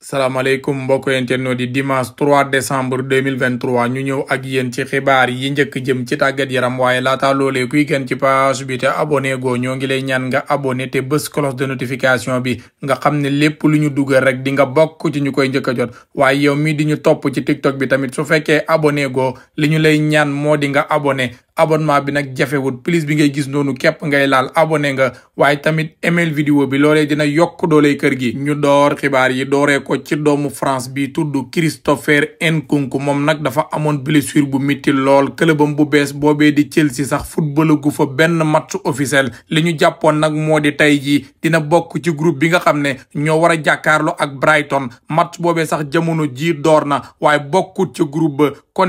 salaamaaleykum mbokk internet di dimanche 3 décembre 2023 ñu ñëw ak yéen ci xibaar yi njëkk jëm ci tàggat yaram waaye laata loolee kuy gën ci page bi te abonné goo ñoo ngi lay ñaan nga abonné te bés cloche de notification bi nga xam ne lépp lu ñu dugal rek di nga bokk ci ñu koy njëkk a jot waaye yow mi di ñu topp ci tiktok bi tamit su fekkee abonné goo li ñu lay ñaan moo di nga abonné abonnement bi nag jafewut plus bi ngay gis noonu képp ngay laal abone nga waaye tamit email vidéo bi loolee dina yokk dooley kër gi ñu door xibaar yi dooree ko ci doomu France bi tudd Christopher Nkunku moom nag dafa amoon blessure bu mitti lool këlëbam bu bees boobee di Chelsea sax football gu fa benn match officiel li ñu jàppoon nag moo di tey jii dina bokk ci groupe bi nga xam ne ñoo war a jàkkaarloo ak Brighton match boobee sax jamono jii door na waaye bokkut ci groupe kon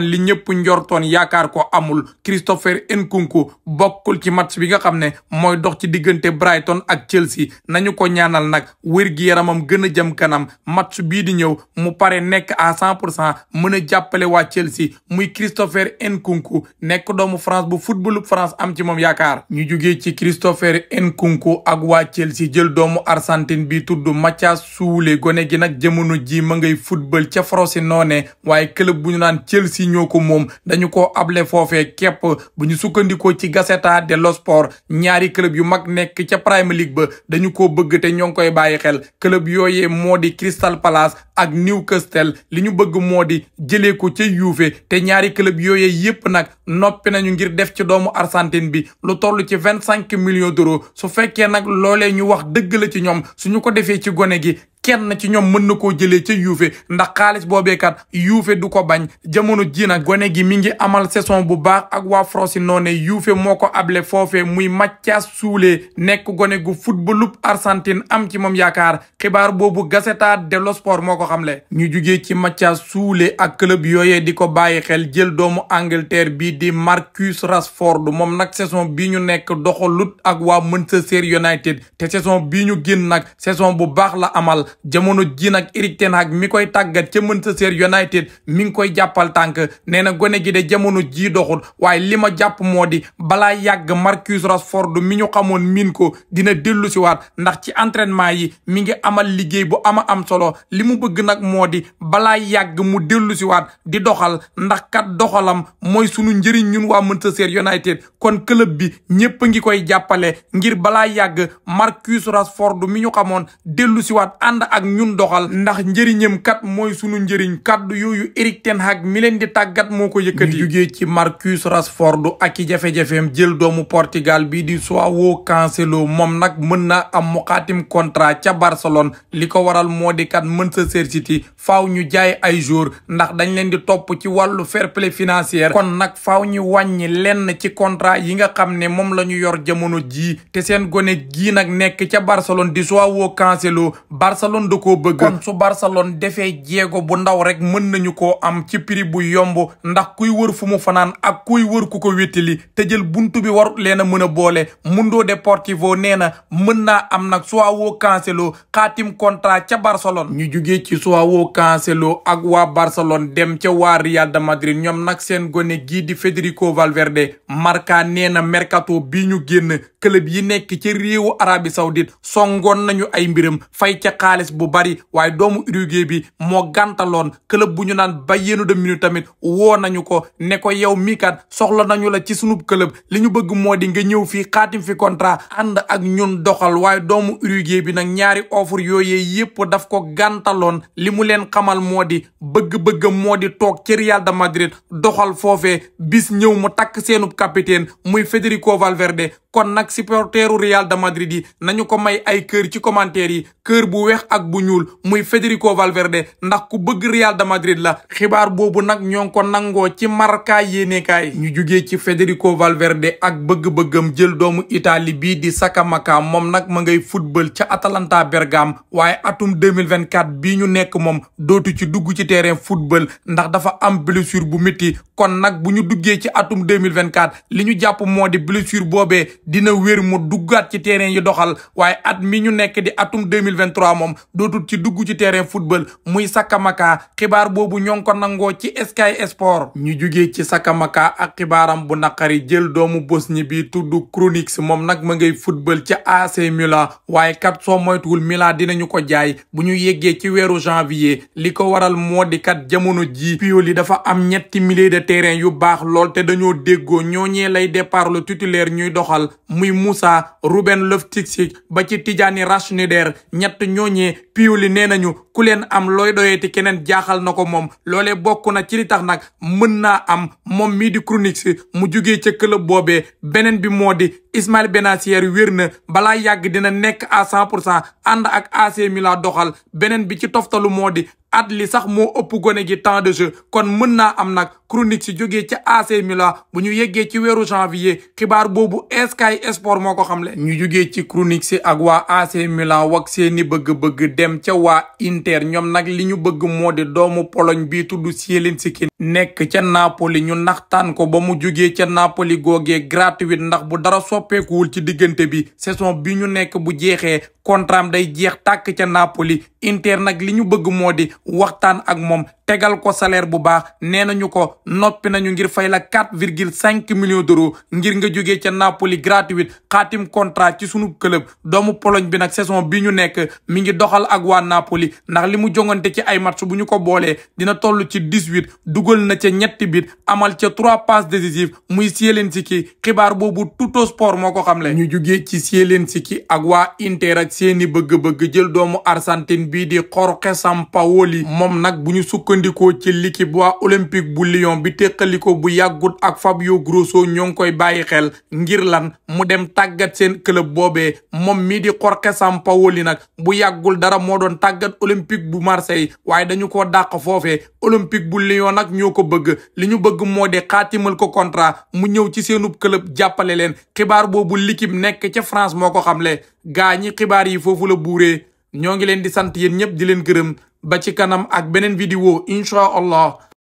Christopher Nkunku bokkul ci match bi nga xam ne mooy dox ci diggante Brighton ak Chelsea nañu ko ñaanal nag wér gi yaramam gën a jëm kanam match bii di ñëw mu pare nekk à cent pour cent mën a jàppale waa Chelsea muy Christopher Nkunku nekk doomu France bu footballu France am ci moom yaakaar ñu jugee ci Christopher Nkunku ak waa Chelsea jël doomu Argentine bi tudd Mathias Soule gone gi nag jamono ji ma ngay football ca si noone waaye club bu ñu naan Chelsea ñoo ko moom dañu ko able foofee képp bu ñu sukkandiku ci Gazzetta de Sport ñaari club yu mag nekk ca Premier League ba dañu ko bëgg te ñoo ngi koy bàyyi xel club yooyee moo di Crystal Palace ak Newcastle li ñu bëgg moo di jëlee ko ca Juve te ñaari club yooyee yépp nag noppi nañu ngir def ci doomu Argentine bi lu toll ci vingt cinq millions d'euros su fekkee nag loole ñu wax dëgg la ci ñoom suñu ko defee ci gone gi kenn ci ñoom mën na koo jëlee ca Juve ndax xaalis boobeekat Juve du ko bañ jamono ji nag gone gi mi ngi amal saison bu baax ak waa Frosinone Juve moo ko able foofe muy Mathias Soulé nekk gone gu footballub Argentine am ci moom yaakaar xibaar boobu Gazzetta dello Sport moo ko xamle ñu jugee ci Mathias suule ak club yooyee di ko bàyyi xel jël doomu Angleterre bi di Marcus Rashford moom nag saison bi ñu nekk doxalut ak waa Manchester United te saison bi ñu génn nag saison bu baax la amal jamono ji nag Erik ten Hag mi koy tàggat ca Manchester United mi ngi koy jàppal tànk nee na gone gi de jamono jii doxul waaye li ma jàpp moo di balaa yàgg Marcus Rashford mi ñu xamoon miin ko dina dellu si ndax ci entraînement yi mi ngi amal liggéey bu ama am solo li mu bëgg nag moo di balaa yàgg mu dellu si waat doxal ndax kat doxalam mooy sunu njëriñ ñun waa Manchester United kon club bi ñépp ngi koy jàppale ngir balaa yàgg Marcus mi ñu xamoon dellu si waat ànd ànd ak ñun doxal ndax njëriñam kat mooy sunu njëriñ kàddu yooyu Eric ten Hag mi leen di tàggat moo ko yëkkati ñu jugee ci Marcus Rashford ak i jafe-jafeem jël doomu Portugal bi di João Cancelo moom nag mën na am mu xaatim contrat ca Barcelone li ko waral moo di kat Manchester City faw ñu jaay ay jour ndax dañ leen di topp ci wàllu fair play financier kon nag faw ñu wàññi lenn ci contrat yi nga xam ne moom la ñu yor jamono jii te seen gone gii nag nekk ca Barcelone di João Barcelone da koo bëgg. kon su Barcelone defee jéego bu ndaw rek mën nañu ko am ci prix bu yomb ndax kuy wër fu mu fanaan ak kuy wër ku ko wétali te jël buntu bi warut leen a mën a boole Mundo Deportivo nee na mën naa am nag Joao Cancelo xaatim contrat ca Barcelone. ñu jugee ci Joao Cancelo ak waa Barcelone dem ca waa Real de Madrid ñoom nag seen gone gii di Federico Valverde Marca nee na mercato bi ñu génn club yi nekk ci réewu Arabie Saoudite songoon nañu ay mbiram fay ca xaalis xaalis bu bari waaye doomu Uruguay bi moo gàntaloon club bu ñu naan Bayern de Munich tamit woo nañu ko ne ko yow mii kat soxla nañu la ci sunu club li ñu bëgg moo di nga ñëw fii xaatim fi contrat ànd ak ñun doxal waaye doomu Uruguay bi nag ñaari offre yooyee yépp daf ko gantaloon li mu leen xamal moo di bëgg-bëgg moo di toog ci Real de Madrid doxal foofee bis ñëw mu takk seenub capitaine muy Federico Valverde kon nag supporteru Real de Madrid yi nañu ko may ak bu ñuul muy Federico Valverde ndax ku bëgg Real de Madrid la xibaar boobu nag ñoo ngi ko nangoo ci Marca yéenekaay ñu jugee ci Federico Valverde ak bëgg-bëggam jël doomu itali bii di Scamacca moom nag ma ngay football ca Atalanta Bergame waaye atum 2024 bii ñu nekk moom dootu ci dugg ci terrain football ndax dafa am blessure bu métti kon nag bu ñu duggee ci atum 2024 li ñu jàpp moo di blessure boobee dina wér mu duggaat ci terrain yi doxal waaye at mi ñu nekk di atum 2023 moom dootut ci dugg ci terrain football muy sakamaka xibaar boobu ñoo ngi nangoo ci Sky Sport ñu jugee ci sakamaka ak xibaaram bu naqari jël doomu bos Bosnie bi tudd Krunić moom nag ma ngay football ci AC Milan waaye kat soo moytuwul Milan dinañu ko jaay bu ñu yeggee ci weeru janvier li ko waral moo di kat jamono ji Pioli dafa am ñetti milieu de terrain yu baax lool te dañoo déggoo ñooñee lay départ le titulaire ñuy doxal muy Moussa Ruben Loftus-Cheek ba ci Tijani Rashneder ne pioli nee nañu ku leen am looy doyeeti keneen jaaxal na ko moom loolee bokk na ci li tax nag mën naa am moom mii di chronique si mu jugee ca club boobee beneen bi moo di Ismail Benacer wér na balaa yàgg dina nekk à cent pour cent ànd ak AC Milan doxal beneen bi ci toftalu moo di at li sax moo ëpp gone gi temps de jeu kon mën naa am nag chronique si jógee ci AC Milan bu ñu yeggee ci weeru janvier xibaar boobu Sky Sport moo xam xamle ñu jógee ci chronique si ak waa AC Milan wax seeni bëgg-bëgg dem ca waa Inter ñoom nag li ñu bëgg moo di doomu Pologne bi tudd Zielinski nekk ca Napoli ñu naxtaan ko ba mu jugee ca Napoli googee gratuite ndax bu dara soppeekuwul ci diggante bi saison bi ñu nekk bu jeexee contrat am day jeex tàkk ca Napoli inter nag li ñu bëgg moo di waxtaan ak moom tegal ko salaire bu baax nee nañu ko noppi nañu ngir fay la quatre virgule cinq millions d'euros ngir nga jógee ca Napoli gratuite xaatim contrat ci sunu club doomu Pologne bi nag saison bi ñu nekk mi ngi doxal ak waa Napoli ndax li mu jongante ci ay match bu ñu ko boolee dina toll ci dix-huit dugal na ca ñetti bit amal ca trois passes décisives muy si Zielinski xibaar boobu Tuttosport moo ko xam xamle. ñu jógee ci si Zielinski ak waa Inter ak seeni bëgg-bëgg jël doomu Argentine bii di Jorge Sampaoli moom nag bu ñu sukkandikoo ci l'équipe waa olympique bu lion bi teqaliko bu yàggut ak Fabio Grosso ñoo ngi koy bàyyi xel ngir lan mu dem tàggat seen club boobee moom mii di Jorge Sampaoli nag bu yàggul dara moo doon tàggat olympique bu Marseille waaye dañu ko dàq foofee olympique bu lion nag ñoo ko bëgg li ñu bëgg moo de xaatimal ko contrat mu ñëw ci seenub club jàppale leen xibaar boobu l'équipe nekk ca France moo ko xamle gaa ñi xibaar yi foofu la buuree ñoo ngi leen di sant yéen ñëpp di leen gërëm ba ci kanam ak beneen vidéo incha allah